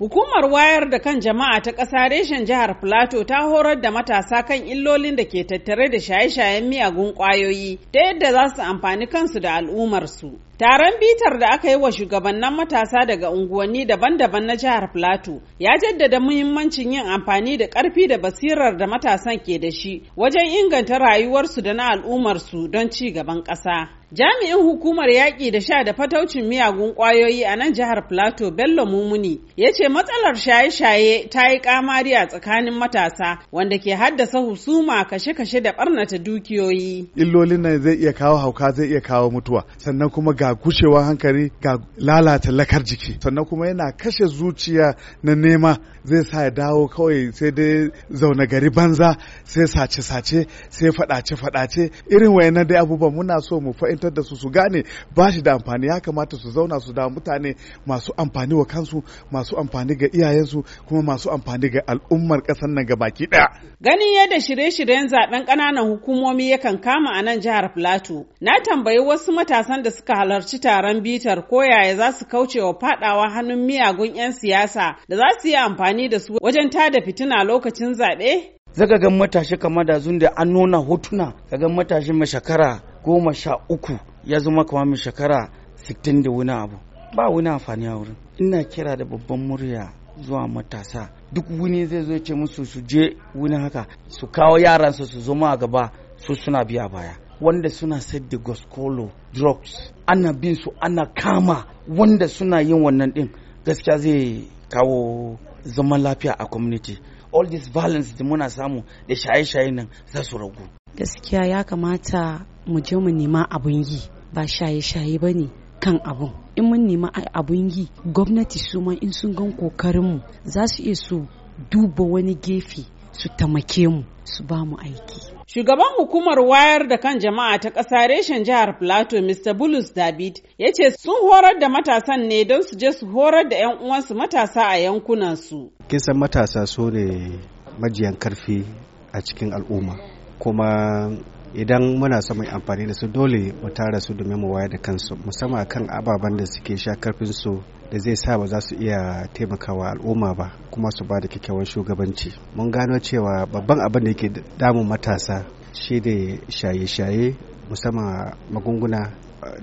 Hukumar wayar da kan jama'a ta ƙasa reshen jihar Filato ta horar da matasa kan illolin da ke tattare da shaye-shayen miyagun ƙwayoyi ta yadda za su amfani kansu da al'ummarsu. Taron bitar da aka yi wa shugabannin matasa daga unguwanni daban-daban na jihar Plateau ya jaddada muhimmancin yin amfani da ƙarfi da basirar da matasan ke da shi wajen inganta rayuwarsu da na al'ummarsu don ci gaban ƙasa. Jami'in hukumar yaƙi da sha da fataucin miyagun ƙwayoyi a nan jihar Plateau Bello Mumuni ya ce matsalar shaye-shaye ta yi kamari a tsakanin matasa wanda ke haddasa husuma kashe-kashe da ɓarnata dukiyoyi. Illolin nan zai iya kawo hauka zai iya kawo mutuwa sannan kuma ga ga hankali ga lalata lakar jiki sannan kuma yana kashe zuciya na nema zai sa ya dawo kawai sai dai zaune gari banza sai sace-sace sai fadace-fadace irin wayannan dai abubuwan muna so mu fahimtar da su su gane ba shi da amfani ya kamata su zauna su da mutane masu amfani wa kansu masu amfani ga iyayensu kuma masu amfani ga al'ummar ƙasar nan gabaki ɗaya. Ganin yadda shirye-shiryen zaben ƙananan hukumomi yakan kama a nan jihar Plateau, na tambayi wasu matasan da suka halar halarci taron bitar ko yaya za su kauce wa fadawa hannun miyagun 'yan siyasa da za su yi amfani da su wajen tada fitina lokacin zaɓe? Zaga ga matashi kama da zun da an nuna hotuna, ka ga matashi mai shekara goma sha uku ya zama kama mai shekara sittin da wani abu. Ba wani amfani a wurin. Ina kira da babban murya zuwa matasa duk wuni zai zo ce musu su je wuni haka su kawo yaransu su zama a gaba su suna biya baya. wanda suna sayar da goskolo drugs ana bin su ana kama wanda suna yin wannan din gaskiya zai kawo zaman lafiya a community all this violence da muna samu da shaye-shaye nan za su ragu gaskiya ya kamata mu je mu nema abun yi ba shaye-shaye ba ne kan abun in mun nema abun yi gwamnati su ma in sun gan kokarinmu za su iya su duba wani gefe su tamake mu su ba mu aiki Shugaban hukumar wayar da kan jama'a ta ƙasa reshen jihar Plateau Mr. Bulus David ya ce sun horar da matasan ne don su je su horar da 'yan uwansu matasa a yankunansu. Kin san matasa su ne majiyan karfi a cikin al'umma kuma idan muna son mu amfani da su dole mu tara su domin mu wayar da kansu musamman kan ababen da suke sha karfin su da zai sa ba za su iya taimakawa al'umma ba kuma su ba da kyakkyawan shugabanci mun gano cewa babban abin da yake damun matasa shi da shaye-shaye musamman magunguna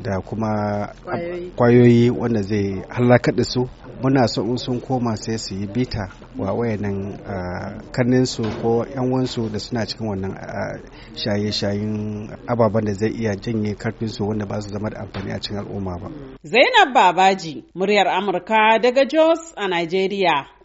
da kuma kwayoyi wanda zai halakar da su muna so in sun koma sai su yi bita wa wayannan su ko yan da suna cikin wannan shaye-shayen ababen da zai iya janye karfinsu wanda ba su zama da amfani a cikin al'umma ba. Zainab Babaji, muryar Amurka daga Jos a Najeriya.